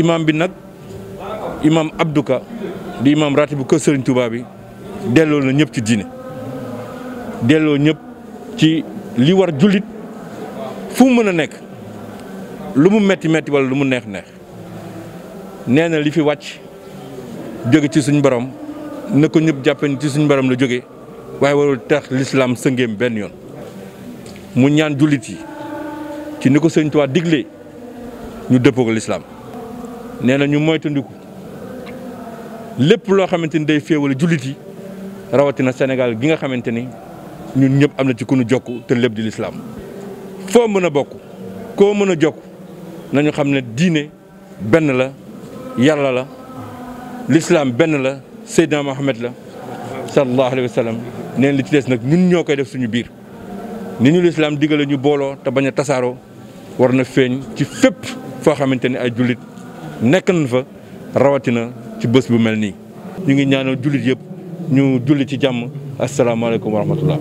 imam bi nak imam abduka di imam ratibu ko serigne touba bi delo na ñep ci diine delo ñep ci li war julit fu meuna nek lu mu metti metti wala lu mu neex neex neena na li fi wacc joge ci suñu borom ne ko ñep jàppe ci suñu borom la joge waaye waru tax l'islam sëngeem ben yoon mu ñaan julit yi ci niko serigne touba diglé ñu l'islam nee na ñu moytandiku lépp loo xamante ni day féewale jullit yi rawatina senegal gi nga xamante ni ñun ñëpp am na ci ku nu jokk te lépp di lislaam foo mën a bokk koo mën a jokk nañu xam ne diine benn la yàlla la lislaam benn la Seydina Mohamed la sallallahu alayhi wa sallam neen li ci des nag ñun ñoo koy def suñu biir ni ñu lislaam digale ñu booloo te bañ a tasaaroo war na feeñ ci fépp foo xamante ni ay jullit nekk nañ fa rawatina ci bés bu mel nii ñu ngi ñaanal jullit yëpp ñu julli ci jàmm asalaamaaleykum wa rahmatullah.